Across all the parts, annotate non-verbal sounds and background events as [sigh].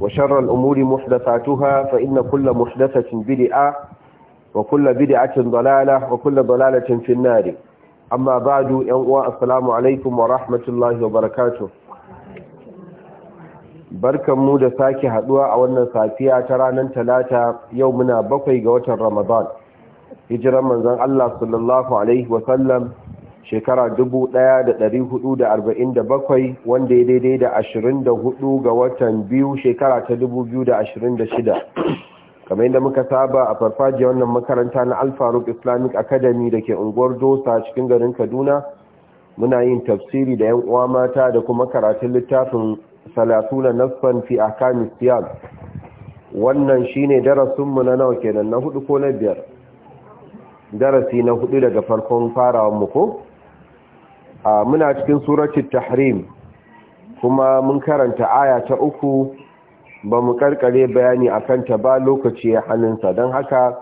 وشر الأمور محدثاتها فإن كل محدثة بدعة وكل بدعة ضلالة وكل ضلالة في النار أما بعد ينقوى السلام عليكم ورحمة الله وبركاته barkan mu da sake haduwa a wannan safiya ta ranar talata yau muna bakwai ga watan ramadan hijiran manzon Allah sallallahu alaihi wasallam shekara ɗaya da da ɗari bakwai wanda ya daidai da 24 ga watan biyu shekara ta da da shida, kamar yadda muka saba a farfajiyar wannan makaranta na alfaruk islamic academy da ke unguwar dosa cikin garin kaduna muna yin tafsiri da yan uwa mata da kuma karatun littafin salatuna nasfan fi a wannan shine darasinmu na nawa kenan na hudu ko na biyar darasi na hudu daga farkon farawan mu ko muna cikin suratul tahrim kuma mun karanta aya ta uku ba mu karkare bayani akan ta ba lokaci ya hannunsa don haka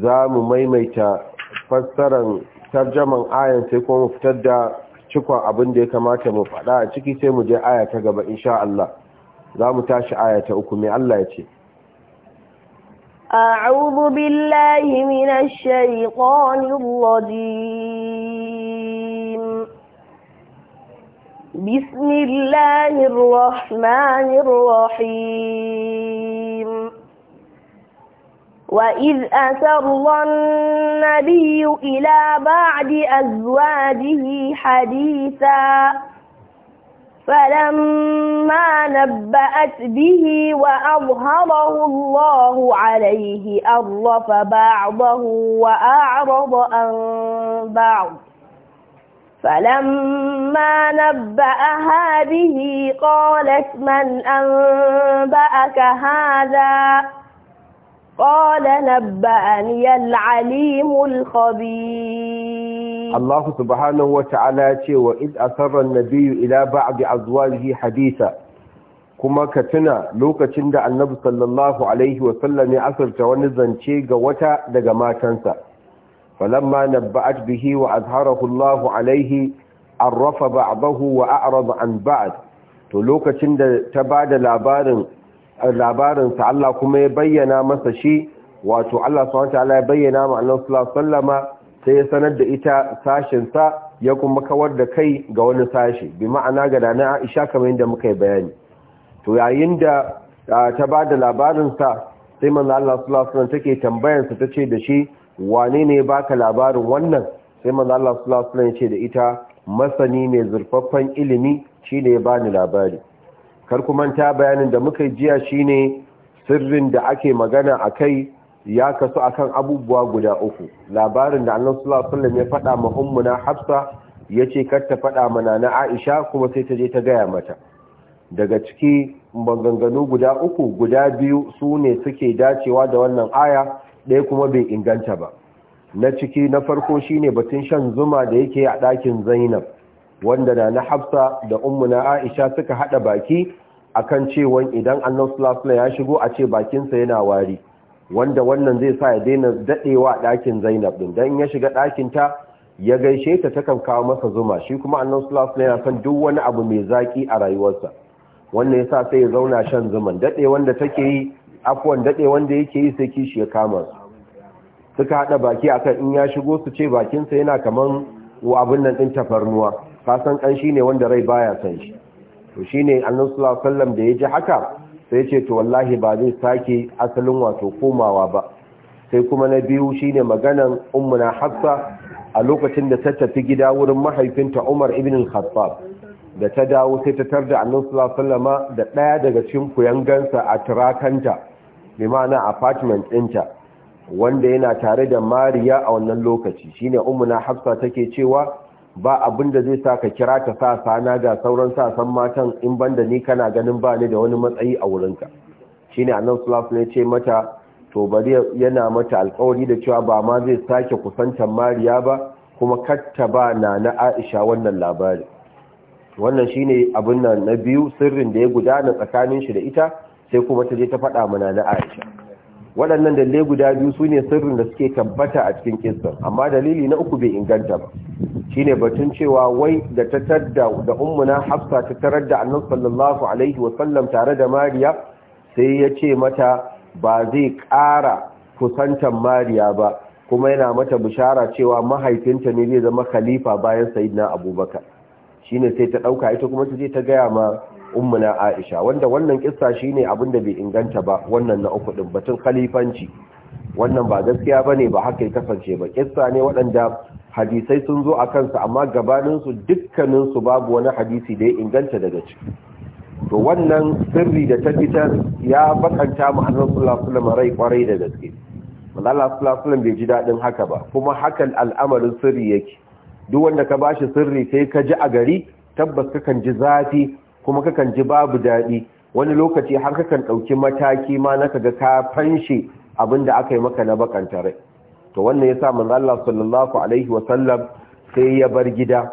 za mu maimaita fassarar tarjaman ayan sai kuma mu fitar da cikon abin da ya kamata mu faɗa a ciki sai mu je aya ta gaba insha Allah za mu tashi aya ta uku mai Allah ya ce أعوذ بالله من الشيطان الرجيم بسم الله الرحمن الرحيم وإذ أسر النبي إلى بعد أزواجه حديثا فلما نبأت به وأظهره الله عليه أرف بعضه وأعرض عن بعض فلما نبأها به قالت من أنبأك هذا قال نبأني العليم الخبير الله سبحانه وتعالى وإذ أسر النبي إلى بعض أزواجه حديثا kuma ka tuna lokacin da annabi sallallahu alaihi wasallam ya asirta wani zance ga wata daga matansa فلما نبأت به وأظهره الله عليه عرف بعضه وأعرض عن بعض to lokacin da ta ba da labarinsa Allah kuma ya bayyana masa shi wato Allah s.w.t. ya bayyana ma Allah sai ya sanar da ita sashinsa ya kuma kawar da kai ga wani sashi bi ma'ana ga dana Aisha kamar yadda muka yi bayani to yayin da ta ba da labarinsa sai manzo Allah s.w.t. take tambayarsa ta ce da shi wane ne baka labarin wannan sai manzo Allah sallallahu alaihi ya ce da ita masani mai zurfaffen ilimi shine ya bani labari kar manta bayanin da muka jiya shine sirrin da ake magana akai ya kasu akan abubuwa guda uku labarin da Allah sallallahu alaihi wasallam ya faɗa ma ummuna Hafsa yace kar ta faɗa mana na Aisha kuma sai ta je ta gaya mata daga ciki maganganu guda uku guda biyu su ne suke dacewa da wannan aya ɗaya kuma bai inganta ba na ciki na farko shine batun shan zuma da yake a ɗakin zainab wanda na na hafsa da ummuna aisha suka haɗa baki akan cewon idan annabi ya shigo a ce bakinsa yana wari wanda wannan zai sa ya daina daɗewa ɗakin zainab ɗin don ya shiga ɗakinta, ya gaishe ta takan kawo masa zuma shi kuma annabi yana san duk wani abu mai zaƙi a rayuwarsa wannan sa sai ya zauna shan zuman dade wanda take yi afuwan wanda yake yi sai kishi ya kama su suka haɗa baki akan in ya shigo su ce bakinsa yana kamar wa abin nan din tafarnuwa kasan kan shi ne wanda rai baya san shi to shi ne sallallahu alaihi wasallam da ji haka sai ce to wallahi ba zai sake asalin wato komawa ba sai kuma na biyu shine maganan ummuna hafsa a lokacin da ta tafi gida wurin mahaifinta Umar ibn al-Khattab da ta dawo sai ta tarda da sallallahu da daya daga cikin gansa a turakanta bi ma'ana apartment ɗinta wanda yana tare da mariya a wannan lokaci shine umuna hafsa take cewa ba abin da zai sa ka kira ta sa sana ga sauran sasan matan in banda ni kana ganin ba ni da wani matsayi a wurinka shine annabi sulafu ne ce mata to bari yana mata alkawari da cewa ba ma zai sake kusantar mariya ba kuma ba na na Aisha wannan labari wannan shine abin nan na biyu sirrin da ya gudana tsakanin shi da ita sai kuma ta je ta faɗa mana na Aisha waɗannan dalle guda biyu su ne sirrin da suke tabbata a cikin kisan, amma dalili na uku bai inganta ba shine batun cewa wai da ta tadda da ummuna hafsa ta tarar da annabi sallallahu alaihi wasallam tare da mariya sai ya ce mata ba zai ƙara kusantan mariya ba kuma yana mata bishara cewa mahaifinta ne zai zama khalifa bayan sayyidina abubakar shine sai ta ɗauka ita kuma ta je ta gaya ma ummuna aisha wanda wannan kissa shine abin da bai inganta ba wannan na uku din batun khalifanci wannan ba gaskiya bane ba haka ya kasance ba kissa ne waɗanda hadisai sun zo a su amma gabanin su dukkanin su babu wani hadisi da ya inganta daga ciki to wannan sirri da ta fitar ya bakanta mu annabi sallallahu alaihi wasallam rai kwarai da gaske Allah sallallahu bai ji dadin haka ba kuma hakan al'amarin sirri yake duk wanda ka bashi sirri sai ka ji a gari tabbas kakan ji zafi kuma kakan ji babu daɗi wani lokaci har kakan ɗauki mataki ma na kaga ka fanshe abin da aka yi maka na bakanta rai to wannan ya sa manzo Allah sallallahu alaihi wasallam sai ya bar gida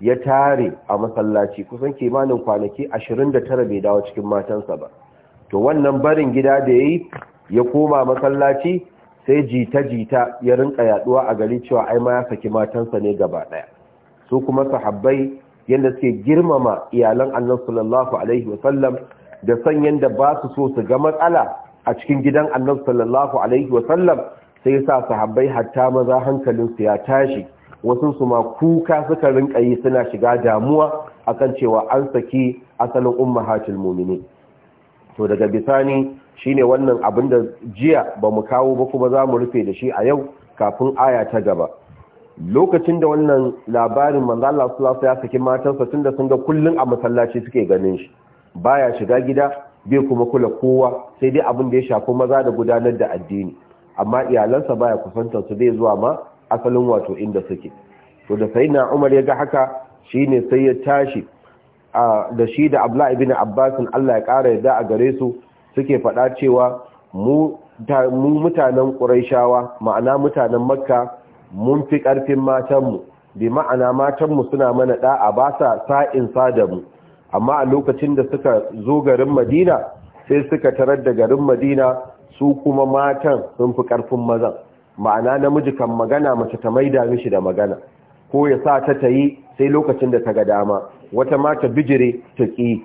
ya tare a masallaci kusan kimanin kwanaki ashirin da tara bai dawo cikin matansa ba to wannan barin gida da yayi ya koma masallaci sai jita-jita ya rinka yaduwa a gari cewa ai ma ya saki matansa ne gaba ɗaya. su kuma sahabbai yadda suke girmama iyalan annabi sallallahu alaihi wasallam da san yadda ba su so su ga matsala a cikin gidan annabi sallallahu alaihi wasallam sai sa sahabbai hatta maza su ya tashi wasu su ma kuka suka rinka yi suna shiga damuwa akan cewa an saki asalin ummahatul mumini to daga bisani shine wannan abin da jiya ba mu kawo ba kuma za mu rufe da shi a yau kafin aya ta gaba lokacin da wannan labarin manzo Allah sallallahu ya saki matansa tunda sun ga kullun a masallaci suke ganin shi baya shiga gida bai kuma kula kowa sai dai abin da ya shafi maza da gudanar da addini amma iyalansa baya kusantar su zai zuwa ma asalin wato inda suke to da sayyidina Umar ya ga haka shine sai ya tashi da shi da Abdullah ibn Abbas Allah ya kara yadda a gare su suke faɗa cewa mu mutanen Qurayshawa ma'ana mutanen Makka mun fi ƙarfin matanmu bi ma'ana matanmu suna mana a ba sa sa'in da mu amma a lokacin da suka zo garin madina sai suka tarar da garin madina su kuma matan sun fi ƙarfin mazan ma'ana namiji kan magana mace ta maida mishi da magana ko ya sa ta ta yi sai lokacin da ta ga dama wata mata bijire ta ƙi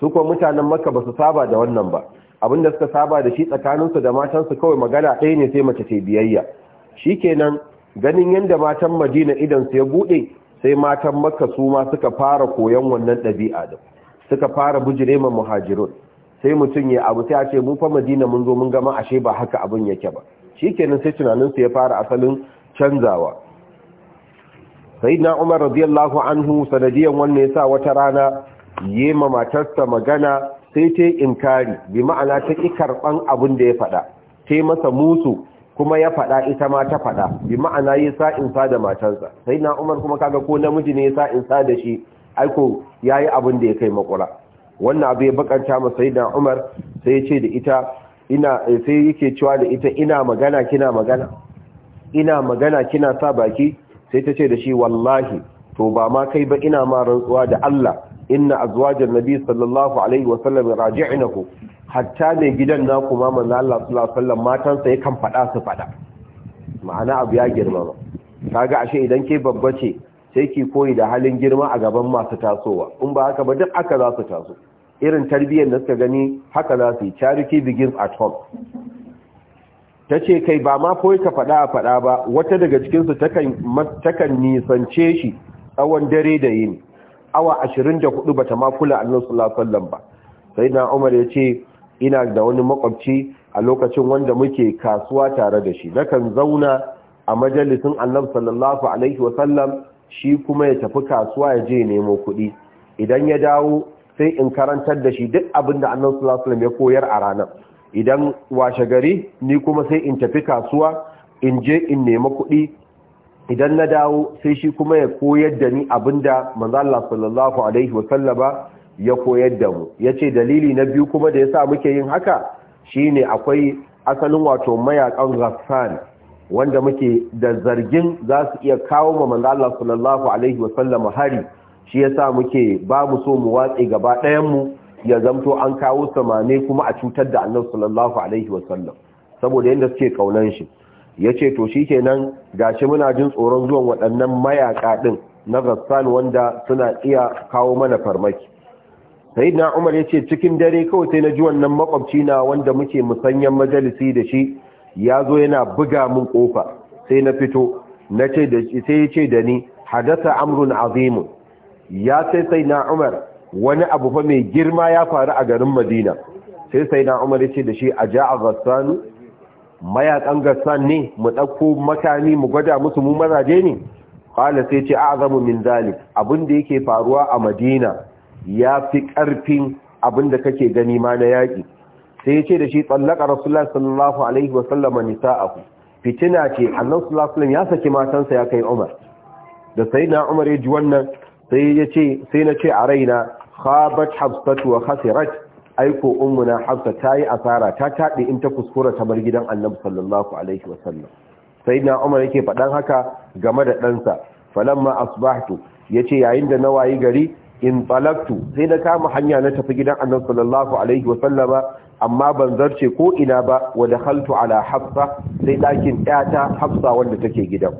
su kuma mutanen maka ba su saba da wannan ba abinda suka saba da shi tsakaninsu da matansu kawai magana ɗaya ne sai mace ce biyayya Shi shikenan ganin yadda matan madina idan su ya bude sai matan makka su ma suka fara koyon wannan ɗabi'a da suka fara bujire ma muhajirun sai mutum ya abu sai a ce mu fa madina mun zo mun gama ashe ba haka abin yake ba shikenan sai tunanin su ya fara asalin canzawa sayyidina umar radiyallahu anhu sanadiyan wannan yasa wata rana ma matarsa magana sai ta yi inkari bi ma'ana ta ki karɓan abin da ya faɗa ta masa musu kuma ya faɗa ita ma ta faɗa bi ma'ana yi sa'insa da matansa sai na umar kuma kaga ko namiji ne ya sa'insa da shi aiko ya yi abin da ya kai makura wannan abu ya bakanta ma sai na umar sai ya ce da ita ina sai yake cewa da ita ina magana kina magana ina magana kina sa baki sai ta ce da shi wallahi to ba ma kai ba ina ma rantsuwa da Allah inna azwajan nabi sallallahu alaihi wasallam raji'nahu hatta mai gidan na kuma manzo sulasallar matansa yakan fada su fada ma'ana abu ya girma kaga ashe idan ke babba ce sai ki koyi da halin girma a gaban masu tasowa in ba haka ba duk aka za su taso irin tarbiyyar da suka gani haka za su yi charity begins at home ta ce kai ba ma koyi ka fada a fada ba wata daga cikinsu takan nisance shi tsawon dare da yini awa 24 bata ma kula makula sallallahu ba sai na umar ya ce ina da wani makwabci a lokacin wanda muke kasuwa tare da shi nakan zauna a majalisin annabi sallallahu alaihi wasallam shi kuma ya tafi kasuwa ya je nemo kuɗi idan ya dawo sai in karantar da shi duk abin da annabi sallallahu alaihi wasallam ya koyar a rana. idan washe gari ni kuma sai in tafi kasuwa in je in nemi kuɗi idan na dawo sai shi kuma ya koyar da ni abinda manzo Allah sallallahu alaihi wasallama ya koyar da mu ya ce dalili na biyu kuma da ya sa muke yin haka shine akwai asalin wato mayakan rassan wanda muke da zargin za su iya kawo ma manzo sallallahu alaihi wasallam hari shi ya sa muke ba mu so mu watse gaba ɗayan mu ya zamto an kawo samane kuma a cutar da Annabi sallallahu alaihi wasallam saboda yadda suke kaunan shi yace to shikenan shi muna jin tsoron zuwan waɗannan mayaka ɗin na rassan wanda suna iya kawo mana farmaki Sai na umar ya ce cikin dare kawai sai na ji wannan makwabci na wanda muke musanyen majalisi da shi ya zo yana buga mun kofa sai na fito na ce da sai ya ce da ni hadasa amrun azimun ya sai sai na umar wani abu fa mai girma ya faru a garin madina sai sai na umar ya ce da shi a ja a gassanu mayakan gassan ne mu ɗauko makami mu gwada musu mu mazaje ne kala sai ce a'zamu min zalik abin da yake faruwa a madina ya fi ƙarfin abin da kake gani ma na yaƙi sai ya ce da shi tsallaka rasulullah sallallahu alaihi nisa'ahu fitina ce annan sallallahu ya saki matansa ya kai umar da sai umar ya ji wannan sai ya ce sai na ce a raina khabat habsatu wa khasirat aiko ummuna habsa ta yi asara ta taɗe in ta kuskura ta bar gidan annabi sallallahu alaihi wasallam sai na umar yake faɗan haka game da ɗansa falamma asbahtu yace yayin da na wayi gari in talaktu sai na kama hanya na tafi gidan annabi sallallahu alaihi wasallama amma ban zarce ko ina ba wa dakhaltu ala hafsa sai dakin ɗata hafsa wanda take gidan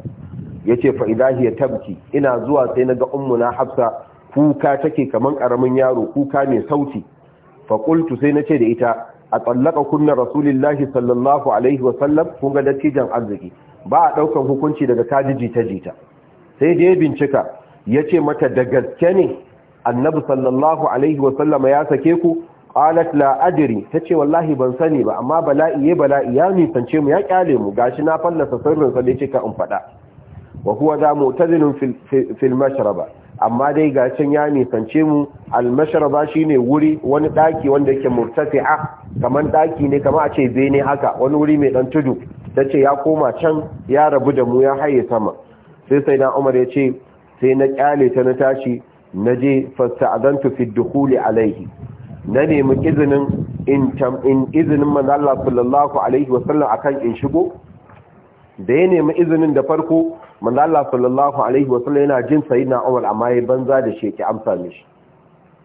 yace fa idahi ya tabki ina zuwa sai na ga ummuna hafsa kuka take kaman karamin yaro kuka mai sauti fa qultu sai nace da ita a tsallaka kunna rasulullahi sallallahu alaihi wasallam kun ga dattijan arziki ba a ɗaukan hukunci daga kaji jita-jita sai da ya bincika ya ce mata da gaske ne annabi sallallahu alaihi wasallama ya sake ku qalat la adri tace wallahi ban sani ba amma bala'i ya bala'i ya nisance mu ya kyale mu gashi na fallasa sirrin sa da yace ka in fada wa huwa za mu'tazilun fil fil mashraba amma dai gashin ya nisance mu al mashraba shine wuri wani daki wanda yake murtafi'a kaman daki ne kaman a ce bene haka wani wuri mai dan tudu tace ya koma can ya rabu da mu ya haye sama sai sai Umar ya ce sai na kyale ta na tashi naje fasta'adantu fi dukhuli alayhi na nemi izinin in tam in izinin manzo Allah sallallahu alaihi wasallam akan in shigo da ya nemi izinin da farko manzo Allah sallallahu alaihi wasallam yana jin sayyidina Umar amma ya banza da shi amsa mishi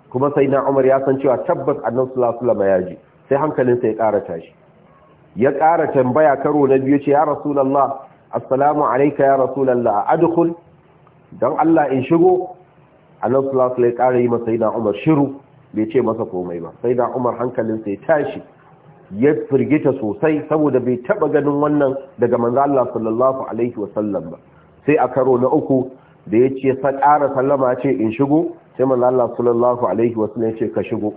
kuma sayyidina Umar ya san cewa tabbas annabi sallallahu alaihi wasallam ya ji sai hankalinsa ya ƙara tashi ya ƙara tambaya karo na biyu ce ya rasulullah assalamu alayka ya rasulullah adkhul dan Allah in shigo annabi sallallahu alaihi wasallam yi masa sayyidina Umar shiru bai ce masa komai ba sayyidina Umar hankalin sai tashi ya firgita sosai saboda bai taba ganin wannan daga manzo Allah sallallahu alaihi wasallam ba sai a karo na uku da ya ce sa ƙara sallama ce in shigo sai manzo Allah sallallahu alaihi wasallam ya ce ka shigo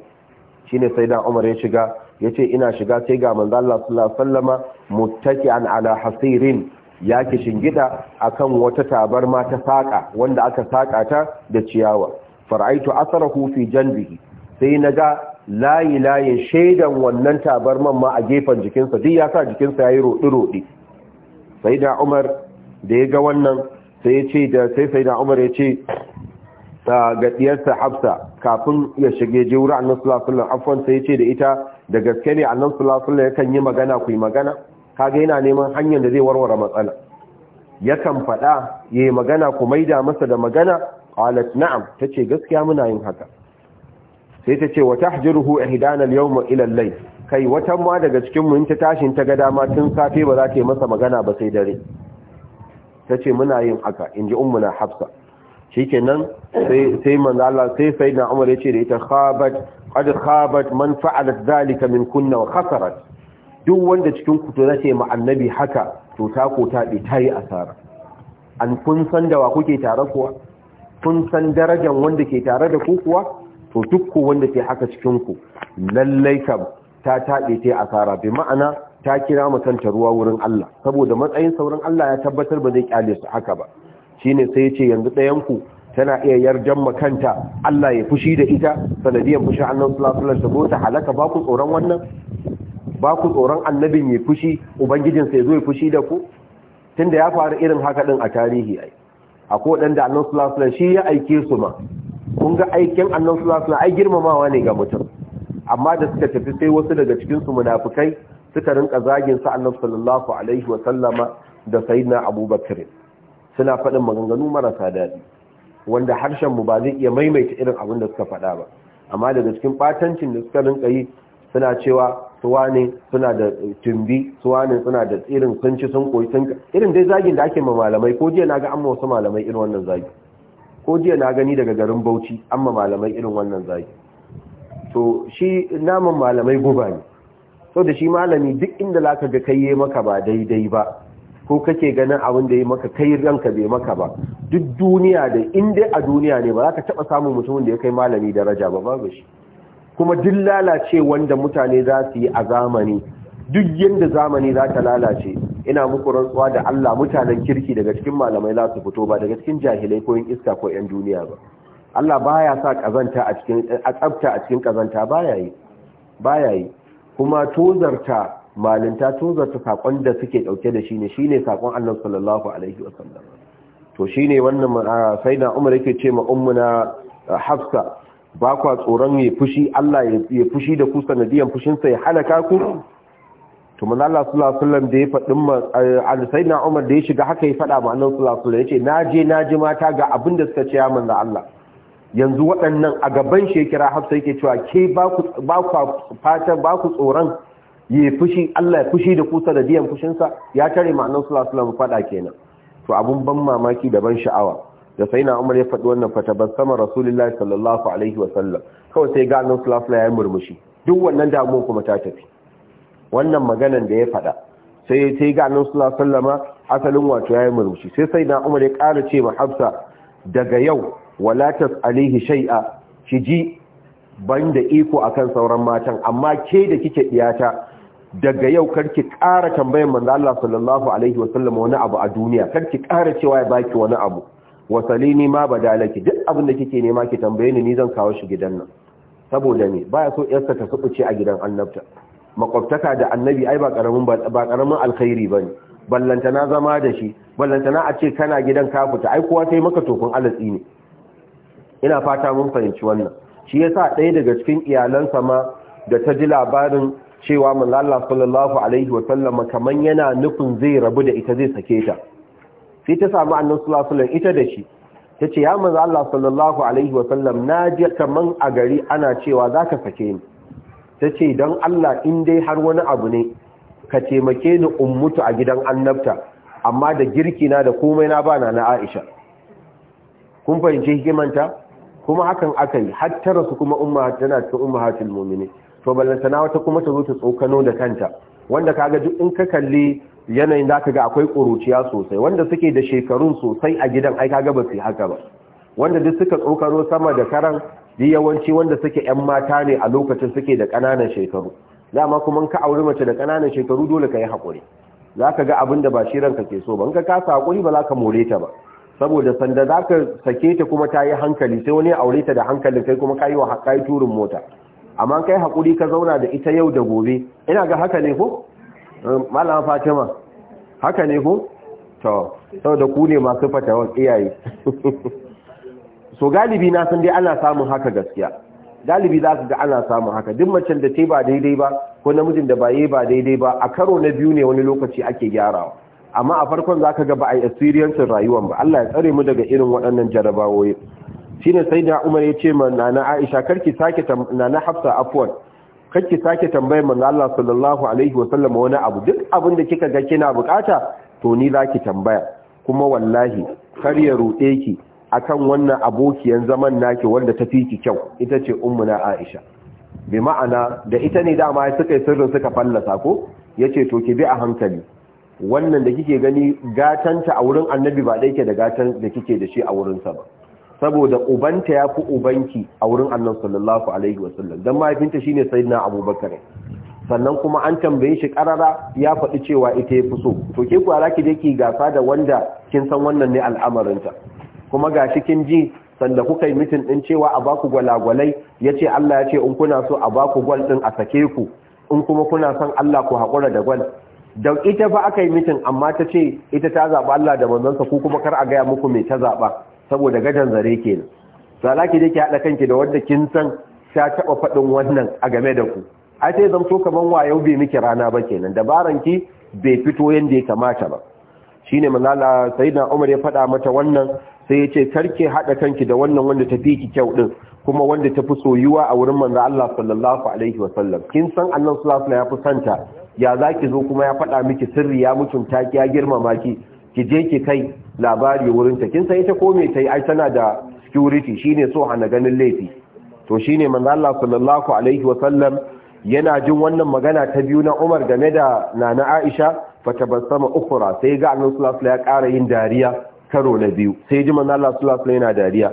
shine sayyidina Umar ya shiga yace ina shiga sai ga manzo Allah sallallahu alaihi wasallama an ala hasirin ya ke shingida kan wata tabarma ta saƙa, wanda aka saƙa ta da ciyawa far'aitu asarahu jan janbihi sai na ga layi layi shaidan wannan tabarman ma a gefen jikinsa duk ya sa jikinsa ya yi roɗi-roɗi sai da Umar da ya ga wannan sai ya ce da sai sai da Umar ya ce ga gaɗiyarsa Hafsa kafin ya shige jiwura annan Annabi sallallahu sai ce da ita da gaske ne annan sallallahu alaihi wasallam yakan yi magana ku yi magana kaga yana neman hanyar da zai warware matsala yakan faɗa ya yi magana ku maida masa da magana qalat na'am ce gaskiya muna yin haka sai ce wa tahjiruhu ihdana a hidanar yau ma ilallai. kai watan ma daga cikin mu ta tashin ta ga dama tun safe ba za ta yi masa magana ba sai dare Ta ce muna yin haka in ji inji na hafsa ke nan sai manzala sai sai na Umar ya ce da ita khabat qad khabat man fa'alat min kunna wa khasarat duk wanda cikin ku to zace ma annabi haka to ta ko ta bi tayi asara an kun san da wa kuke tare kuwa kun san darajar wanda ke tare da ku kuwa to duk wanda ke haka cikin ku lallai kam ta tabe tayi asara bi ma'ana ta kira kanta ruwa wurin Allah saboda matsayin saurin Allah ya tabbatar ba zai kyale su haka ba shine sai ya ce yanzu ɗayan ku tana iya yarjan makanta Allah ya fushi da ita sanadiyar fushi annan sallallahu ta wasallam ta halaka ba ku tsoron wannan ba ku tsoron annabin ya fushi ubangijinsa ya zo ya fushi da ku tunda ya faru irin haka din a tarihi ai akwai waɗanda annan sulasulan shi ya aike su ma kun ga aikin annan sulasulan ai girmamawa ne ga mutum amma da suka tafi sai wasu daga cikinsu munafukai suka rinka zagin sa annan sallallahu alaihi wa sallama da sayidina abubakar suna faɗin maganganu marasa daɗi wanda harshen mu ba zai iya maimaita irin abin da suka faɗa ba amma daga cikin ɓatancin da suka rinka yi suna cewa suwa ne suna da tumbi suwa ne suna da tsirin sun ci sun koyi sun irin dai zagin da ake ma malamai ko jiya na ga amma wasu malamai irin wannan zagi ko jiya na gani daga garin bauchi amma malamai irin wannan zagi to shi naman malamai guba ne Sau da shi malami duk inda za ga kai yi maka ba daidai ba ko kake ganin abin da ya maka kai ranka bai maka ba duk duniya da inda a duniya ne ba za ka taɓa samun mutumin da ya kai malami daraja ba babu shi kuma duk lalace wanda mutane za su yi a zamani duk yadda zamani za ta lalace ina muku rantsuwa da Allah mutanen kirki daga cikin malamai za su fito ba daga cikin jahilai ko yin iska ko yan duniya ba Allah baya sa kazanta a cikin a tsabta a cikin kazanta baya yi baya yi kuma tozarta malinta tozarta sakon da suke dauke da shi ne shine sakon Allah sallallahu alaihi wasallam to shine wannan sai na Umar yake ce ma ummuna Hafsa ba kwa tsoron ya fushi Allah ya fushi da ku sanadiyan fushinsa ya halaka ku to manzo Allah sallallahu alaihi wasallam da ya faɗin eh, sayyidina Umar da ya shiga haka ya faɗa ma annabi sallallahu alaihi wasallam yace naje naji mata ga abin da suka ce ya manzo Allah yanzu waɗannan a gaban shekira Hafsa yake cewa ke ba ku ba ku fata ba ku tsoron ya fushi Allah ya fushi da ku sanadiyan fushinsa ya tare ma annabi sallallahu alaihi wasallam faɗa kenan to abun ban mamaki da ban sha'awa da sai na umar ya faɗi wannan sama rasulullahi sallallahu alaihi wasallam kawai sai ga annabi sallallahu alaihi murmushi duk wannan damuwa kuma ta tafi wannan maganan da ya faɗa sai sai ga annabi sallallahu alaihi asalin wato ya yi murmushi sai sai na umar ya ƙara ce ma hafsa daga yau wala tasalihi shai'a, ki ji ban da iko akan sauran matan amma ke da kike diyata daga yau kar ki ƙara tambayar manzo Allah sallallahu alaihi wasallam wani abu a duniya kar ki ƙara cewa ya baki wani abu Wasali ni ma dalaki duk abin da kike nema ki tambaye ni ni zan kawo shi gidan nan saboda ne baya so yarsa ta subuce a gidan annabta makwabtaka da annabi ai ba karamin ba karamin alkhairi bane na zama da shi na a ce kana gidan ka fita ai kowa sai maka tokun alatsi ne ina fata mun fahimci wannan shi yasa ɗaya daga cikin iyalansa ma da ta ji labarin cewa mun Allah sallallahu alaihi wa sallama kaman yana nufin zai rabu da ita zai sake ta sai ta samu annabi sallallahu alaihi ita da shi tace ya manzo Allah sallallahu alaihi wasallam naji kaman a gari ana cewa zaka sake ni tace don Allah in dai har wani abu ne ka taimake ni ummutu a gidan annabta amma da girki na da komai na bana na Aisha kun fahimci hikimanta kuma hakan aka yi har ta rasu kuma umma tana ta ummahatul mu'minin to ballantana wata kuma ta zo ta tsokano da kanta wanda kaga duk in ka kalli yanayin da ga akwai ƙuruciya sosai wanda suke da shekarun sosai a gidan ai kaga ba su haka ba wanda duk suka tsokaro sama da karan da yawanci wanda suke yan mata ne a lokacin suke da ƙananan shekaru dama kuma ka auri mace da ƙananan shekaru dole ka yi haƙuri za ka ga abin da ba shi ranka ke so ba in ka kasa haƙuri ba za ka more ta ba saboda sanda za ka sake ta kuma ta yi hankali sai wani ya aure ta da hankalin kai kuma ka yi turin mota amma kai haƙuri ka zauna da ita yau da gobe ina ga haka ne ko eh, malama fatima haka ne ko to da ku ne masu fatawar iyaye [laughs] so galibi na san dai ana samun haka gaskiya galibi za su ga ana samun haka duk macen da ta ba daidai ba ko namijin da ba yi ba daidai ba a karo na biyu ne wani lokaci ake gyarawa amma a farkon za ka ga ba a yi experience rayuwan ba Allah ya tsare mu daga irin waɗannan jarabawoyi shine sai da Umar ya ce ma nana Aisha karki sake nana Hafsa afwan karki sake tambayar manzo Allah sallallahu alaihi wasallam wani abu duk abin da kika ga kina bukata to ni zaki tambaya kuma wallahi kar ya rude ki akan wannan abokiyan zaman naki wanda ta fi ki kyau ita ce ummuna Aisha bi ma'ana da ita ne dama suka yi sirrin suka fallasa ko yace to ki bi a hankali wannan da kike gani gatanta a wurin annabi ba dai ke da gatan da kike da shi a wurin sa ba saboda ubanta ya fi ubanki a wurin annan sallallahu alaihi wasallam don mahaifinta shine sayyidina abubakar sannan kuma an tambaye shi karara ya faɗi cewa ita ya fi so to ke kuwa ki je ki gasa da wanda kin san wannan ne al'amarinta kuma ga shi kin ji sanda kuka yi mitin ɗin cewa a baku gwalagwalai ya ce Allah ya ce in kuna so a baku gwal ɗin a sake ku in kuma kuna son Allah ku haƙura da gwal da ita fa aka yi mitin amma ta ce ita ta zaɓa Allah da manzansa ku kuma kar a gaya muku mai ta zaɓa saboda gajan zare kenan sala ki je ki haɗa kanki da wanda kin san ta taɓa faɗin wannan a game da ku a sai zamto kaman yau bai miki rana ba kenan dabaran ki bai fito yadda ya kamata ba Shi ne manala sayyidina Umar ya faɗa mata wannan sai ya ce karke haɗa kanki da wannan wanda ta fi ki kyau ɗin kuma wanda ta fi soyuwa a wurin manzo Allah sallallahu alaihi wa sallam kin san Allah sallallahu ya fi santa ya zaki zo kuma ya faɗa miki sirri ya mutunta ki ya girmama ki ki je ki kai labari wurin ta kin san ita ko me tai ai tana da security shine so hana ganin laifi to shine manzo Allah sallallahu alaihi wa sallam yana jin wannan magana ta biyu na Umar game da Nana Aisha tabassama ukhra sai ga Annabi sallallahu alaihi ya ƙara yin dariya karo na biyu sai ji manzo Allah sallallahu alaihi yana dariya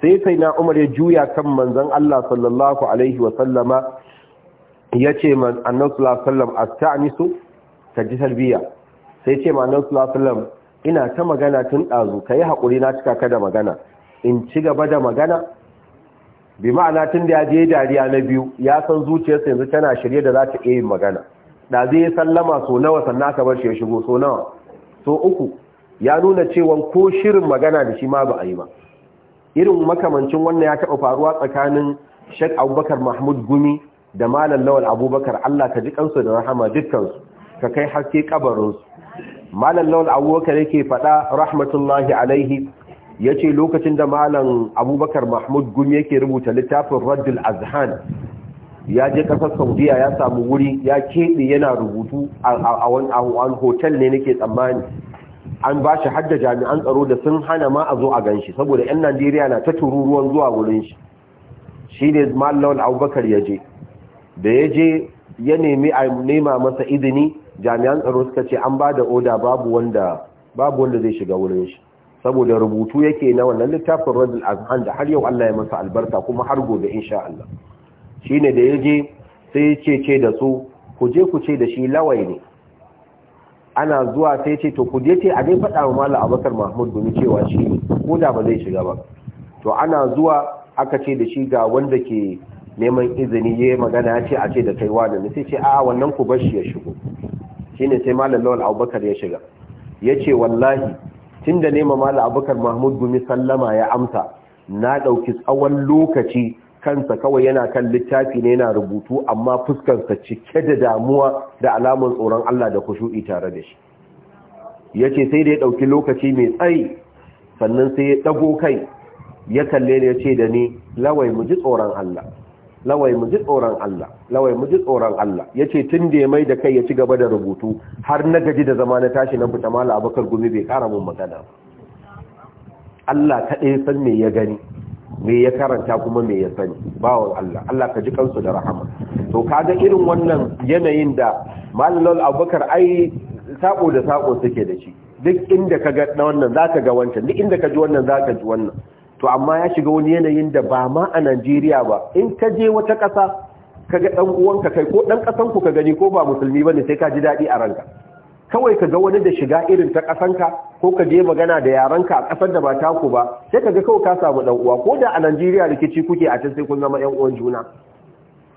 sai sai na Umar ya juya kan manzon Allah sallallahu alaihi wa sallama yace man Annabi sallallahu alaihi sallam astanisu ta ji talbiya sai ce ma Annabi sallallahu alaihi ina ta magana tun ɗazu ka yi haƙuri na cika ka da magana in ci gaba da magana bi ma'ana tun da ya je dariya na biyu ya san zuciyarsa yanzu tana shirye da za ta iya yin magana da zai sallama so nawa sannan aka bar shi ya shigo so nawa so uku ya nuna cewa ko shirin magana da shi ma ba a yi ba irin makamancin wannan ya taɓa faruwa tsakanin shek abubakar mahmud gumi da malam lawal abubakar allah ka ji kansu da rahama dukkansu ka kai haske kabarinsu malam lawal abubakar yake faɗa rahmatullahi alaihi ya ce lokacin da malam abubakar mahmud gumi yake rubuta littafin raddul azhan ya je ƙasar saudiya ya samu wuri ya keɓe yana rubutu a wani hotel ne nake tsammani an ba shi hadda jami'an tsaro da sun hana ma a zo a gan shi saboda 'yan najeriya na ta tururuwan zuwa wurin shi shi ne malam abubakar ya je da ya je ya nemi a nema masa izini jami'an tsaro suka ce an ba da oda babu wanda zai shiga wurin shi saboda rubutu yake na wannan littafin rajul azhan da har yau Allah ya masa albarka kuma har gobe insha Allah shine da yaje sai ya ce ce da su ku je ku ce da shi lawai ne ana zuwa sai ce to ku je ce a dai faɗa wa Malam Abubakar Mahmud gumi cewa shi ko da ba zai shiga ba to ana zuwa aka ce da shi ga wanda ke neman izini ya magana ya ce a ce da kai wani ne sai ce a wannan ku bashi ya shigo shine sai malam lawal abubakar ya shiga ya ce wallahi tun da nema malam abubakar mahmud gumi sallama ya amsa na ɗauki tsawon lokaci kansa kawai yana kan littafi ne yana rubutu amma fuskarsa cike da damuwa da alamun tsoron Allah da kushu'i tare da shi ya ce sai da ya ɗauki lokaci mai tsayi sannan sai ya ɗago kai ya kalle ne ya ce da ni lawai mu ji tsoron Allah lawai mu ji tsoron Allah lawai mu ji tsoron Allah yace tun da ya mai da kai ya ci gaba da rubutu har na gaji da zama na tashi na fita mala abakar gumi bai kara mun magana Allah kaɗai san me ya gani me ya karanta kuma me ya sani bawon Allah Allah ka ji kansu da rahama to kaga irin wannan yanayin da malalul abubakar ai sako da sako suke da shi duk inda ka ga wannan zaka ga wancan duk inda ka ji wannan zaka ji wannan to amma ya shiga wani yanayin da ba ma a Najeriya ba in ka je wata ƙasa ka ga ɗan uwanka kai ko ɗan ƙasan ku ka gani ko ba musulmi ba ne sai ka ji daɗi a ranka kawai ka ga wani da shiga irin ta ƙasanka ko ka je magana da yaranka a ƙasar da ba taku ba sai ka ga kawai ka samu ɗan uwa ko da a Najeriya rikici kuke a can sai kun zama ƴan uwan juna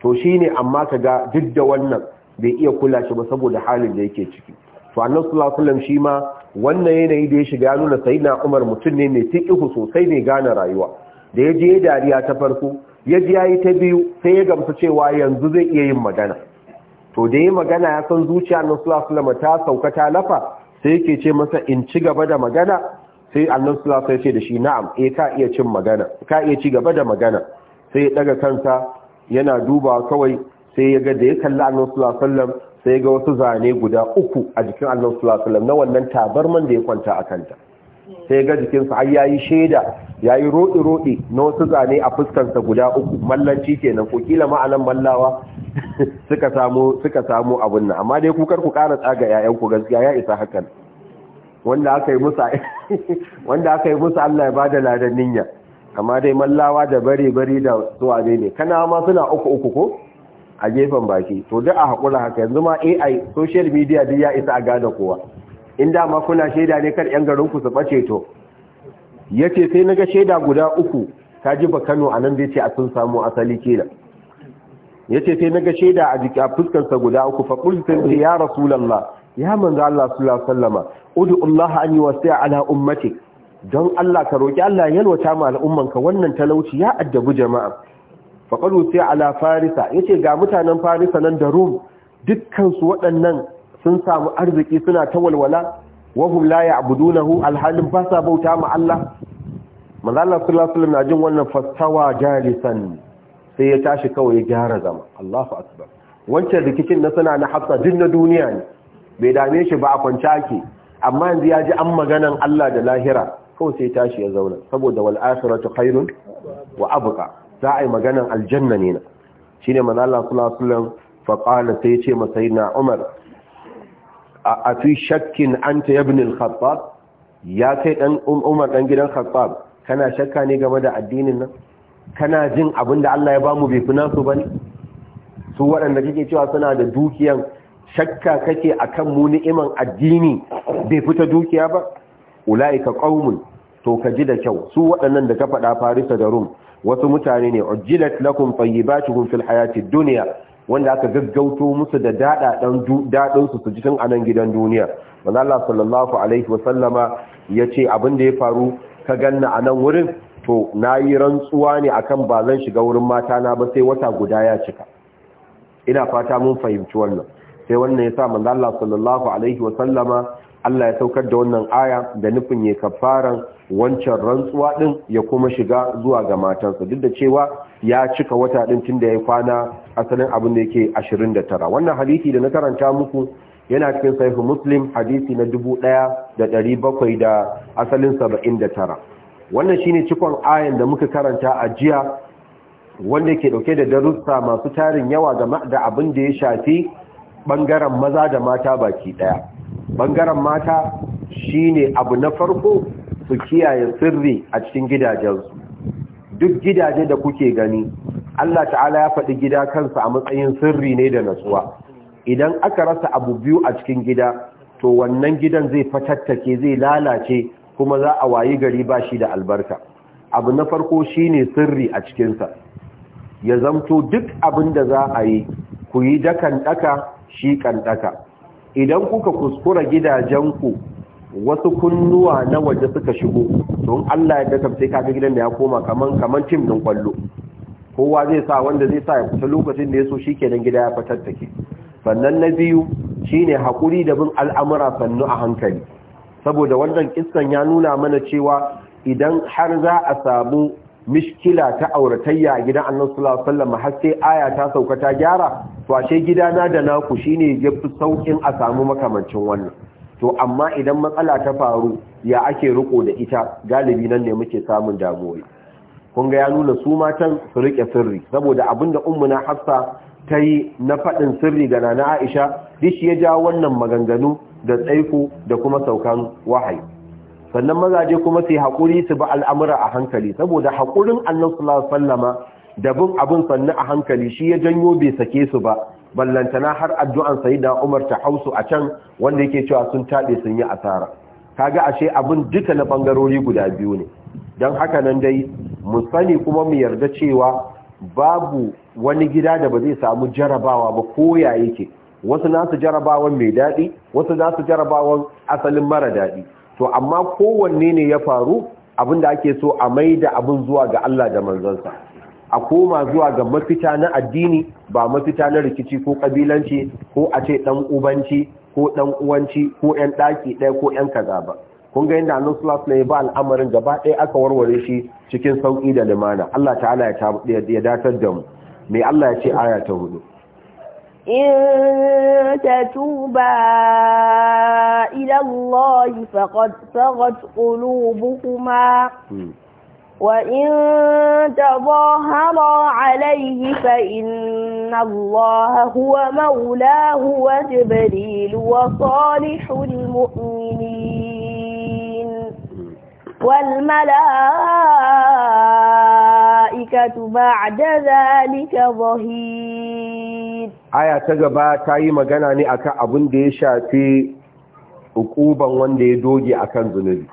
to shine amma ka ga duk da wannan bai iya kula shi ba saboda halin da yake ciki to annabi sallallahu alaihi wasallam shi ma wannan yanayi da ya shiga ya nuna na Umar mutum ne mai ku sosai mai gane rayuwa da ya je dariya ta farko ya ji yayi ta biyu sai ya gamsu cewa yanzu zai iya yin magana to da yi magana ya san zuciya na sulasulama ta sauka ta lafa sai yake ce masa in ci gaba da magana sai annan sulasulama ya ce da shi na'am eh ka iya cin magana ka iya ci gaba da magana sai ya daga kansa yana duba kawai sai ya ga da ya kalli annan sulasulama sai ga wasu zane guda uku a jikin annabi sallallahu alaihi na wannan tabarman da ya kwanta a kanta sai ga jikinsa ai yayi sheda yayi rodi rodi na wasu zane a fuskarsa guda uku mallanci kenan ko kila ma'anan mallawa [laughs] suka samu suka samu abun nan amma dai ku kar ku ƙara tsaga yayan ku gaskiya ya isa hakan wanda aka yi musu [laughs] Allah ya bada ladan niyya amma dai mallawa da bare bare da suwane ne kana ma suna uku uku ko a gefen baki to duk a haƙura haka yanzu ma ai social media duk ya isa a gane kowa in dama kuna shaida ne kar yan ku su ɓace to ya sai na ga shaida guda uku ta ji ba kano a nan zai ce a sun samu asali kenan ya ce sai na ga shaida a fuskar fuskarsa guda uku fa sun ya rasulullah ya manzo Allah sallallahu alaihi wasallama udu Allah an yuwasi'a ala ummati don Allah ka roki Allah yalwata ma al'umman ka wannan talauci ya addabu jama'a faƙaru sai ala farisa ya ga mutanen farisa nan da rum dukkansu waɗannan sun samu arziki suna ta walwala wahum la ya'budunahu alhalin ba sa bauta ma Allah manzo na jin wannan fastawa jalisan sai ya tashi kawai ya gyara zama Allahu akbar wancan rikicin na suna na hafsa duk na duniya ne bai dame shi ba a kwance ake amma yanzu ya ji an maganan Allah da lahira kawai sai tashi ya zauna saboda wal akhiratu khairun wa abqa za a yi maganan aljanna ne na shi ne manala sulasulan faƙana sai ce masai na umar a fi shakkin an ta yabinin khattab ya kai ɗan um, umar ɗan gidan khattab kana shakka ne game da addinin nan kana jin abin da allah ya ba mu bai fi nasu ba ne su waɗanda kake cewa suna da dukiyan shakka kake a kan mu ni'iman addini bai fita dukiya ba ulaika qaumun to ka ji da kyau su waɗannan da ka faɗa farisa da rum wasu mutane ne ujjilat lakum tayyibatuhum fil hayati dunya wanda aka gaggauto musu da dada dan dadin su ji tun anan gidan duniya manzo Allah sallallahu alaihi wa sallama yace abin da ya faru ka ganna anan wurin to nayi rantsuwa ne akan ba zan shiga wurin mata na ba sai wata guda ya cika ina fata mun fahimci wannan sai wannan yasa manzo Allah sallallahu alaihi wa sallama Allah ya saukar da wannan aya da nufin ya kafaran wancan rantsuwa din ya kuma shiga zuwa ga matansa duk da cewa ya cika wata din da ya kwana asalin abin da yake 29 wannan hadisi da na karanta muku yana cikin sahihu muslim hadisi na 1700 da asalin 79 wannan shine cikon ayan da muka karanta a jiya wanda ke dauke da darussa masu tarin yawa ga da abin da ya shafi bangaren maza da mata baki ɗaya. bangaren mata shi ne abu na farko su kiyaye sirri a cikin gidajensu duk gidaje da kuke gani Allah ta'ala ya faɗi gida kansa a matsayin sirri ne da natsuwa idan aka rasa abu biyu a cikin gida to wannan gidan zai fatattake zai lalace kuma za a wayi gari ba shi da albarka abu na farko shi ne sirri a cikinsa ya zamto duk abin da za a yi ku yi dakan daka shi kan idan kuka kuskura gidajenku wasu kunnuwa na waje suka shigo don Allah ya daka sai kaga gidan da ya koma kaman kaman tim din kwallo kowa zai sa wanda zai sa ya fita lokacin da ya so shikenan gida ya fitar take sannan na biyu shine hakuri da bin al'amura sannu a hankali saboda wannan kissan ya nuna mana cewa idan har za a samu mishkila ta auratayya a gidan annan sallallahu har sai aya ta sauka ta gyara to ashe gidana da naku shine fi saukin a samu makamancin wannan to amma idan matsala ta faru ya ake riko da ita galibi nan ne muke samun damuwa kun ga ya nuna su matan su rike sirri saboda abin abinda na hafsa ta yi na faɗin sirri ga nana Aisha duk ya ja wannan maganganu da tsaiko da kuma saukan wahayi sannan mazaje kuma sai haƙuri su ba al'amura a hankali saboda haƙurin annan sallallahu sallama da bin abin sannu a hankali shi ya janyo bai sake su ba ballantana har addu'an sayida umar ta hausu a can wanda yake cewa sun taɗe sun yi asara kaga ashe abin duka na ɓangarori guda biyu ne don haka nan dai mu sani kuma mu yarda cewa babu wani gida da ba zai samu jarabawa ba ko ya yake wasu nasu jarabawan mai daɗi wasu nasu jarabawan asalin mara daɗi to amma kowanne ne ya faru abinda ake so a mai da abin zuwa ga Allah da manzansa a koma zuwa ga mafita na addini ba mafita na rikici ko kabilanci ko a ce dan ubanci ko dan uwanci ko yan daki ɗaya ko yan kaza ba kun ga yadda annabi sallallahu alaihi ba al'amarin gaba ɗaya aka warware shi cikin sauƙi da limana Allah ta'ala ya ya datar da mu me Allah ya ce aya ta hudu إن تتوبا إلى الله فقد صغت قلوبكما وإن تظاهرا عليه فإن الله هو مولاه وجبريل وصالح المؤمنين والملائكة الملائكة بعد ذلك ظهير آية تغبا تاي magana ne akan abin da ya shafe ukuban wanda ya doge akan zunubi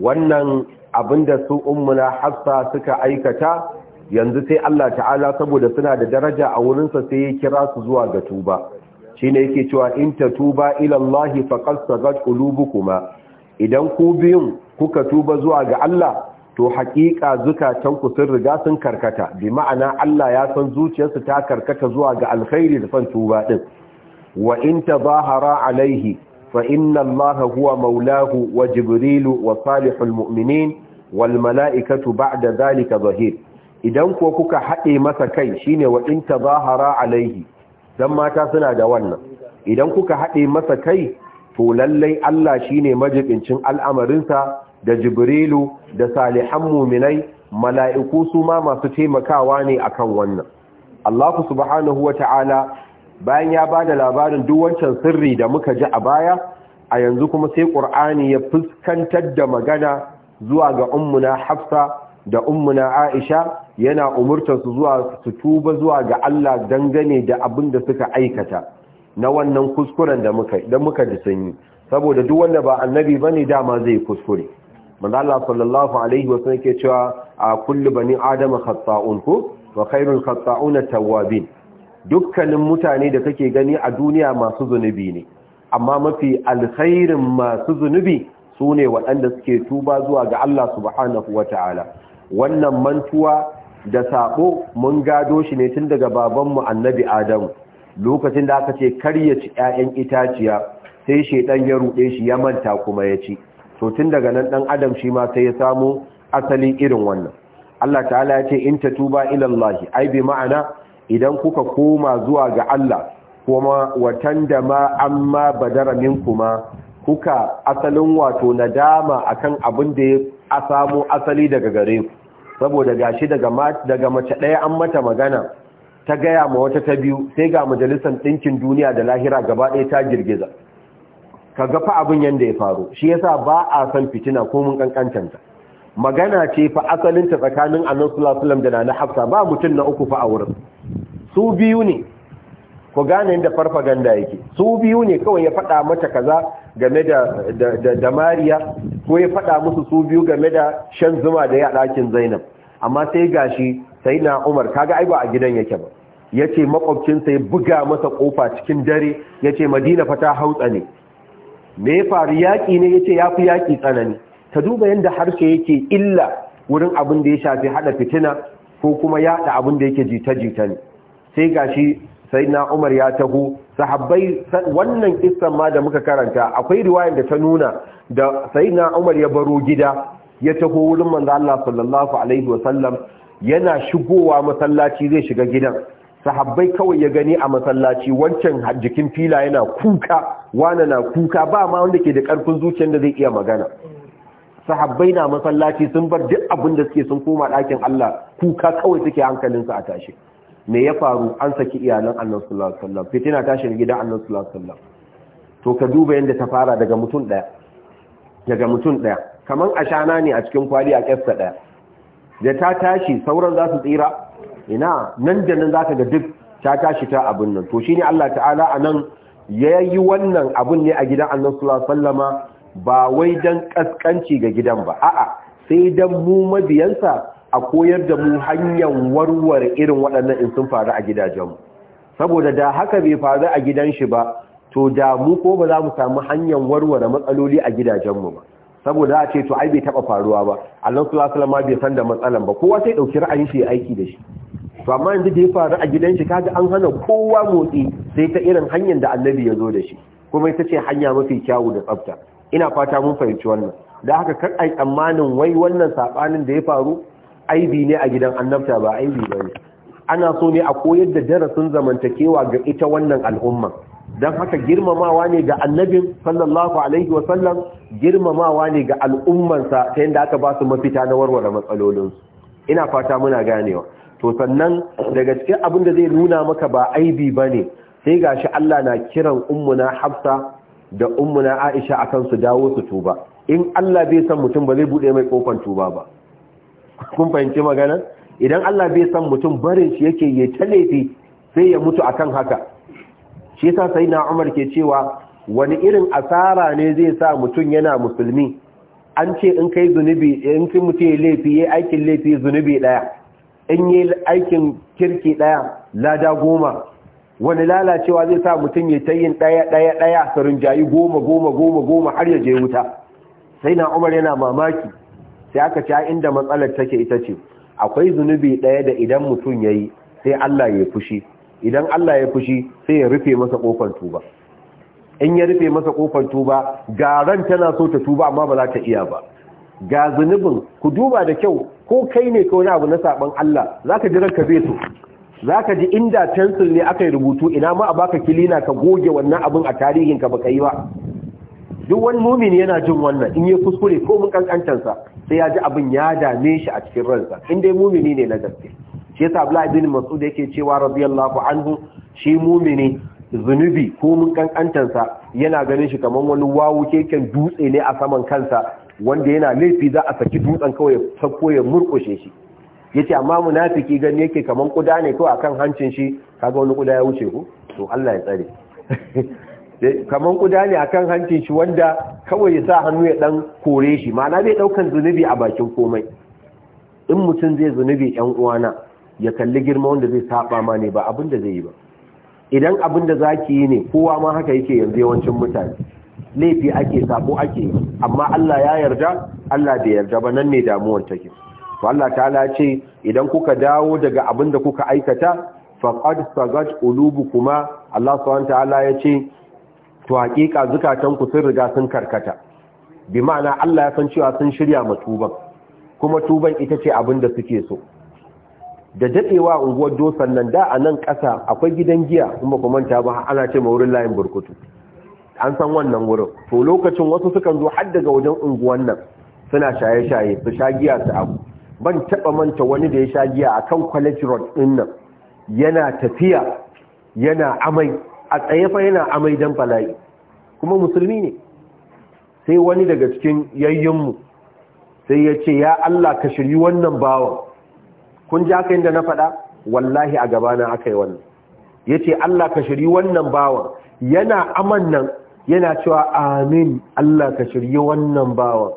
wannan abin da su ummuna hafsa suka aikata yanzu sai Allah ta'ala saboda suna da daraja a wurinsa sai ya kira su zuwa ga tuba shine yake cewa in tatuba ila Allah faqad sagat kuma, idan ku biyun kuka tuba zuwa ga Allah to haƙiƙa zukatanku sun riga sun karkata bi ma'ana Allah ya san zuciyarsu ta karkata zuwa ga alkhairi da san tuba din wa in tazahara alaihi fa inna Allah huwa maulahu wa jibrilu wa salihul mu'minin wal mala'ikatu ba'da zalika zahir idan ko kuka haɗe masa kai shine wa in tazahara alaihi dan mata suna da wannan idan kuka haɗe masa kai to lallai Allah shine majibincin al'amarinsa da jibrilu da salihan muminai mala'iku su ma masu taimakawa ne a kan wannan Allah subhanahu ta'ala bayan ya ba da labarin duk wancan sirri da muka ji a baya a yanzu kuma sai ƙur'ani ya fuskantar da magana zuwa ga ummuna hafsa da ummuna aisha yana umurtarsu zuwa su tuba zuwa ga Allah dangane da abin da suka aikata na wannan kuskuren da muka da muka ji sanyi saboda duk wanda ba annabi ba ne, dama zai kuskure manzo Allah sallallahu alaihi wa sallam ke cewa a kullu bani adama khata'un ku wa khairul khata'una tawwabin dukkanin mutane da kake gani a duniya masu zunubi ne amma mafi alkhairin masu zunubi sune waɗanda suke tuba zuwa ga Allah subhanahu wataala wannan mantuwa da sabo mun gado shi ne tun daga babanmu annabi Adamu lokacin da aka ce karya ci 'ya'yan itaciya sai shedan ya rude shi ya manta kuma ya ci to tun daga nan dan adam shi ma sai ya samu asali irin wannan Allah ta'ala ya ce in tatuba ila Allah ai bi ma'ana idan kuka koma zuwa ga Allah kuma watan da ma amma badara minkuma kuka asalin wato nadama akan abin da ya samu asali daga gare ku saboda gashi daga daga mace ɗaya an mata magana ta gaya ma wata ta biyu sai ga majalisar Dinkin duniya da lahira gaba ɗaya ta girgiza ka ga fa abin yanda ya faru shi yasa ba a san fitina ko mun kankancanta magana ce fa asalin ta tsakanin Annabi sallallahu da Nana Hafsa ba mutum na uku fa a wurin su biyu ne ku gane inda farfaganda yake su biyu ne kawai ya faɗa mata kaza game da Mariya ko ya faɗa musu su biyu game da shan zuma da ya ɗakin Zainab amma sai gashi sai na Umar kaga ai ba a gidan yake ba yace makwabcinsa ya buga masa kofa cikin dare yace Madina fa ta hautsa ne me ya faru yaƙi ne ya ce ya fi yaƙi tsanani Ta duba yadda harshe yake illa wurin abin da ya shafi haɗa fitina ko kuma yaɗa abin da yake jita-jita ne sai shi, sai na umar ya taho sahabbai wannan kissan ma da muka karanta akwai riwayar da ta nuna da sai na umar ya baro gida ya taho wurin manzo Allah sallallahu alaihi wasallam yana shigowa masallaci zai shiga gidan sahabbai kawai ya gani a masallaci wancan jikin fila yana kuka wane na kuka ba ma wanda ke da karfin zuciyar da zai iya magana sahabbai na masallaci sun bar duk abin da suke sun koma ɗakin Allah kuka kawai suke hankalinsu a tashi me ya faru an saki iyalan Annabi sallallahu alaihi wasallam fitina tashi shiga gidan Annabi sallallahu alaihi wasallam to ka duba yanda ta fara daga mutum daya daga mutum daya kaman ashana ne a cikin kwali a kasta daya da ta tashi sauran za su tsira ina nan da nan zaka ga duk ta tashi ta abin nan to shine Allah ta'ala anan yayi wannan abun ne a gidan Annabi sallallahu alaihi ba wai dan kaskanci ga gidan ba a'a sai dan mu mabiyansa a koyar da mu hanyar warware irin waɗannan in sun faru a gidajenmu saboda da haka bai faru a gidan shi ba to da mu ko ba za mu samu hanyar warware matsaloli a gidajen mu ba saboda a ce to ai bai taba faruwa ba Allah sallallahu alaihi wasallam bai san da matsalan ba kowa sai dauki ra'ayin shi aiki da shi to amma yanzu da ya faru a gidan shi kaga an hana kowa motsi sai ta irin hanyar da Annabi ya zo da shi kuma ita ce hanya mafi kyawu da tsafta ina fata mun fahimci wannan da haka kar ai tsammanin wai wannan sabanin da ya faru aibi ne a gidan annabta ba aibi bane ana so ne a koyar da darasin zamantakewa ga ita wannan al'umma don haka girmamawa ne ga annabin sallallahu alaihi wasallam girmamawa ne ga al'ummansa ta yadda aka ba su mafita na warware matsalolinsu ina fata muna ganewa to sannan daga cikin abin da zai nuna maka ba aibi ba ne sai gashi Allah na kiran ummuna hafsa da ummuna aisha akan su dawo su tuba in Allah bai san mutum ba zai bude mai kofan tuba ba kun fahimci magana idan Allah bai san mutum barin shi yake ya ta sai ya mutu akan haka shi sa, sai na Umar ke cewa wani irin asara ne zai sa mutum yana musulmi an ce in kai zunubi in kai mutum ya laifi ya aikin laifi zunubi daya in yi aikin kirki daya lada goma wani lalacewa zai sa mutum ya tayin daya daya daya sarin jayi goma goma goma goma har ya je wuta sai na umar yana mamaki sai aka ci inda matsalar take ita ce akwai zunubi daya da idan mutum ya yi sai Allah ya fushi idan Allah ya fushi sai ya rufe masa kofar tuba in ya rufe masa kofar tuba garan tana so ta tuba amma ba za ta iya ba ga zunubin ku duba da kyau ko kai ne ko wani abu na saban Allah zaka ji ranka zai so zaka ji inda pencil ne aka yi rubutu ina ma a baka kilina ka goge wannan abin a tarihin ka baka yi ba duk wani mumini yana jin wannan in ya kuskure ko mun kankantansa sai ya ji abin ya dame shi a cikin ransa in dai mumini ne na gaske shi yasa la'abinin masu Mas'ud yake cewa radiyallahu anhu shi mumini zunubi ko mun kankantansa yana ganin shi kamar wani wawu keken dutse ne a saman kansa wanda yana laifi za a saki dutsen kawai sako ya murkushe shi yace amma munafiki gani yake kamar kuda ne kawai akan hancin shi kaga wani kuda ya wuce ko to Allah ya tsare [laughs] kamar kuda ne akan hancin shi wanda kawai ya sa hannu ya dan kore shi ma'ana bai daukan zunubi a bakin komai in mutum zai zunubi yan uwana ya kalli girma wanda zai saba ma ne ba abin da zai yi ba idan abin da zaki yi ne kowa ma haka yake yanzu yawancin mutane laifi ake sabo ake yi amma Allah ya yarda Allah bai yarda ba nan ne damuwar take to Allah ta'ala ce idan kuka dawo daga abin da kuka aikata faqad sagat qulubukuma Allah subhanahu ta'ala ya ce to hakika zukatan ku sun riga sun karkata bi ma'ana Allah ya san cewa sun shirya ma tuban kuma tuban ita ce abin da suke so da dadewa unguwar dosan nan da a nan ƙasa akwai gidan giya kuma ba manta ba ana ce ma wurin layin burkutu an san wannan wurin to lokacin wasu sukan zo har daga wajen unguwan nan suna shaye-shaye su sha giya su abu ban taba manta wani da ya sha giya a kan college road din nan yana tafiya yana amai a tsaye fa yana amai dan bala'i kuma musulmi ne sai wani daga cikin yayyenmu sai ya ce ya Allah ka shiryi wannan bawan kun ji haka inda na faɗa wallahi a gabana aka yi wannan ya ce Allah ka shiri wannan bawan yana aman nan yana cewa amin Allah ka shirye wannan bawan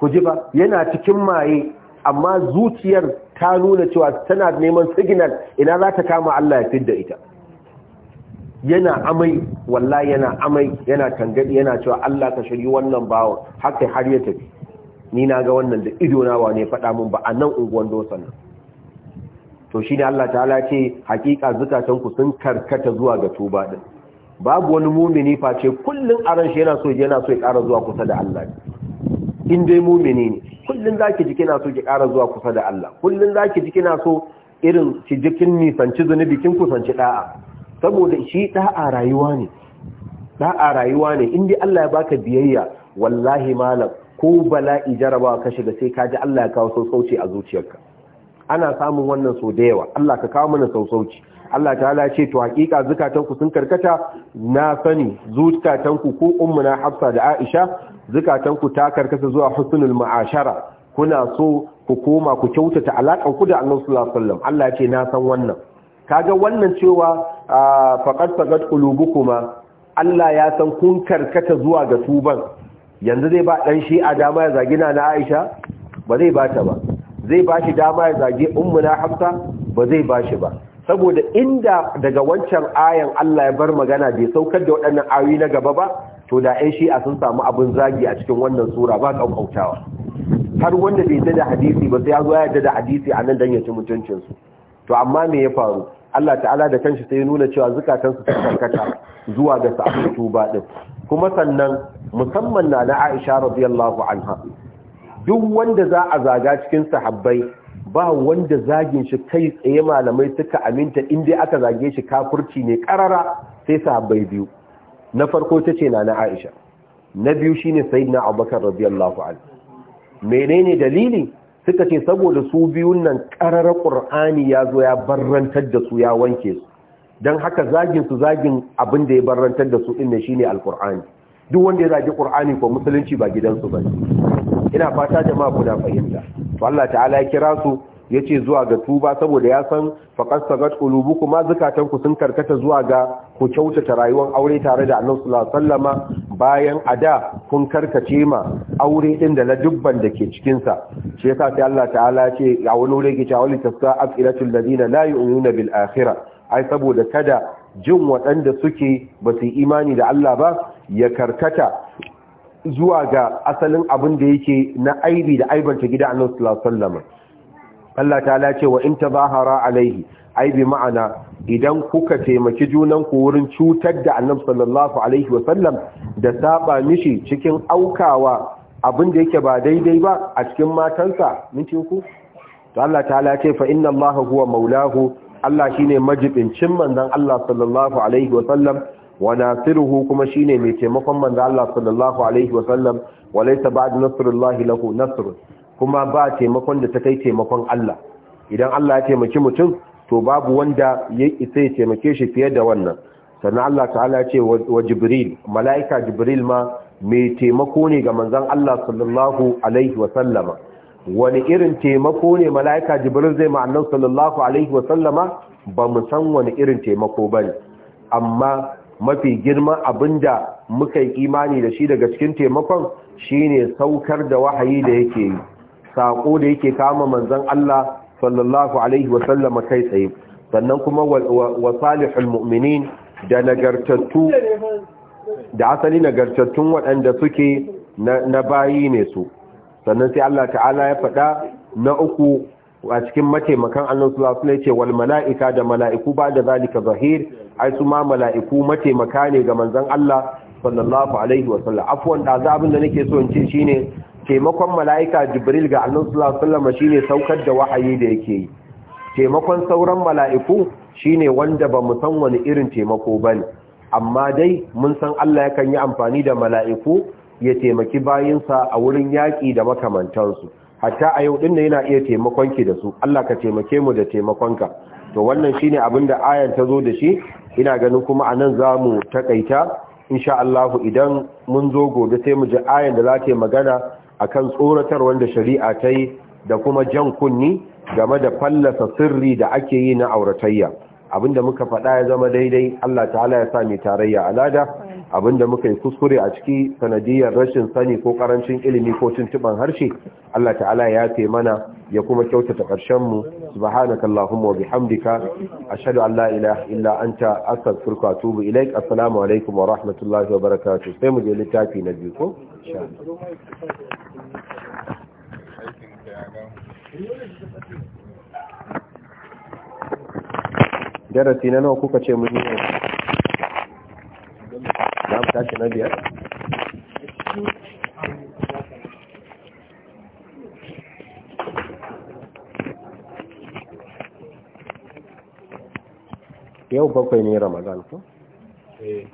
ku ji ba yana cikin maye amma zuciyar ta nuna cewa tana neman signal ina za ta kama Allah ya da ita yana amai wallahi yana amai yana tangadi yana cewa Allah ka shiri wannan bawan haka har ya tafi ni na ga wannan da idona na ba ne faɗa mun ba a nan unguwan dosan nan to shi ne Allah ta'ala ce hakika zukatanku sun karkata zuwa ga tuba din babu wani mumini face kullun aran shi yana so yana so ya ƙara zuwa kusa da Allah in dai mumini ne kullun zaki ji kina so ki ƙara zuwa kusa da Allah kullun zaki ji kina so irin ki ji kin nisanci zunubi kin kusanci da'a saboda shi da'a rayuwa ne da'a rayuwa ne in dai Allah ya baka biyayya wallahi malam ko bala'i jarabawa ka shiga sai ka ji Allah ya kawo sauci a zuciyarka ana samun wannan so da yawa Allah ka kawo mana sausauci Allah ta'ala ce to hakika zukatanku sun karkata na sani ku ko na Hafsa da Aisha zukatanku ta karkata zuwa husnul ma'ashara kuna so ku koma ku kyautata alaƙar ku da Annabi sallallahu alaihi wasallam Allah ce na san wannan kaga wannan cewa ah, faqad faqad qulubukuma Allah ya san kun karkata zuwa ga tuban yanzu zai ba dan shi a dama ya zagina na Aisha ba zai bata ba zai ba shi dama ya zage ummuna hamsa ba zai ba shi ba saboda inda daga wancan ayan Allah ya bar magana bai saukar da waɗannan ayoyi na gaba ba to da shi shi'a sun samu abin zagi a cikin wannan sura ba ƙauƙautawa har wanda bai dada hadisi ba sai ya zo ya yadda hadisi a nan don ya ci mutuncinsu to amma me ya faru Allah ta'ala da kanshi sai nuna cewa zukatansu ta karkata zuwa ga sa'atu ba din kuma sannan musamman na na Aisha radiyallahu anha duk wanda za a zaga cikin sahabbai ba wanda zagin shi kai tsaye malamai suka aminta inda aka zage shi kafurci ne karara sai sahabbai biyu na farko ta ce na na aisha na biyu shine sayyidina abubakar radiyallahu anhu menene dalili suka ce saboda su biyun nan karara qur'ani ya zo ya barrantar da su ya wanke su don haka zagin su zagin abin da ya barrantar da su din ne shine alqur'ani duk wanda ya zage qur'ani ko musulunci ba gidansu ba ina fata jama'a kuna fahimta to Allah ta'ala ya kira su yace zuwa ga tuba saboda ya san faqad sagat qulubukum ma ku sun karkata zuwa ga ku kyautata rayuwar aure tare da Annabi sallallahu alaihi wasallama bayan ada kun karkace ma aure din da ladubban da ke cikin sa shi yasa sai Allah ta'ala ya ce ya wani wuri ke ta li tasqa afilatul ladina la yu'minuna bil akhirah ai saboda kada jin waɗanda suke ba su imani da Allah ba ya karkata zuwa ga asalin abin da yake na aibi da aibanta gida annabi sallallahu alaihi wasallam Allah ta'ala ce wa in tabahara alaihi aibi ma'ana idan kuka taimaki junan ku wurin cutar da annabi sallallahu alaihi wasallam da saba mishi cikin aukawa abin da yake ba daidai ba a cikin matansa mintin ku to Allah ta'ala ce fa inna Allah huwa maulahu Allah shine majibincin manzon Allah sallallahu alaihi wasallam wa nasiruhu kuma shine mai taimakon manzo Allah sallallahu alaihi wa sallam wa laysa nasrullahi lahu nasr kuma ba taimakon da ta kai taimakon Allah idan Allah ya taimaki mutum to babu wanda ya isa ya taimake shi fiye da wannan sannan Allah ta'ala ce wa jibril mala'ika jibril ma mai taimako ne ga manzon Allah sallallahu alaihi wa sallama wani irin taimako ne mala'ika jibril zai ma annabi sallallahu alaihi wa sallama ba mu san wani irin taimako bane amma mafi girma abinda muka yi imani da shi daga cikin taimakon shine saukar da wahayi da yake yi saƙo da yake kama manzon Allah sallallahu alaihi kai tsaye sannan kuma wa salihul mu'minin da nagartattu da asali nagartattun waɗanda suke na bayi ne su sannan sai Allah ta'ala ya faɗa na uku a cikin mataimakan annan su ne ce wal mala'ika da mala'iku ba da zalika zahir ai su ma mala'iku mataimaka ne ga manzon Allah sallallahu alaihi wa sallam afwan da za abin da nake so in ce shine taimakon mala'ika jibril ga annabi sallallahu alaihi wa sallam shine saukar da wahayi da yake yi taimakon sauran mala'iku shine wanda ba mu san wani irin taimako bane amma dai mun san Allah yakan yi amfani da mala'iku ya taimaki bayinsa a wurin yaƙi da makamantansu hatta a yau dinnan yana iya taimakon ki da su Allah ka taimake mu da taimakon ka to wannan shine abin da ayan ta zo da shi ina ganin kuma a nan za mu taƙaita insha Allahu idan mun zo gobe sai mu ji ayan da za ta yi magana kan tsoratar wanda shari'a ta yi da kuma jan kunni game da fallasa sirri da ake yi na auratayya abinda muka faɗa ya zama daidai Allah ta'ala ya sa mai tarayya alada abinda muka yi kuskure a ciki sanadiyar rashin sani ko karancin ilimi ko tuntuban harshe Allah ta'ala ya ce mana ya kuma kyautata ƙarshen mu allahumma wa bihamdika ashhadu an la ilaha illa anta astaghfiruka wa atubu ilaik assalamu alaikum wa rahmatullahi wa barakatuh sai mu je littafi na biyu ko insha Allah darasi na nawa kuka ce mun yi za mu tashi na biyar yau bakwai ne ramadan ko? Eh.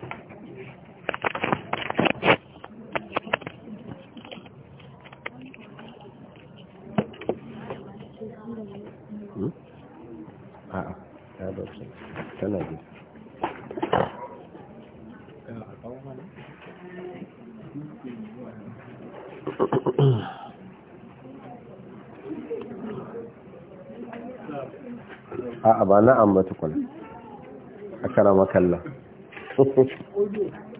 a'a ba na'am ba tukuna a karamakalla [laughs]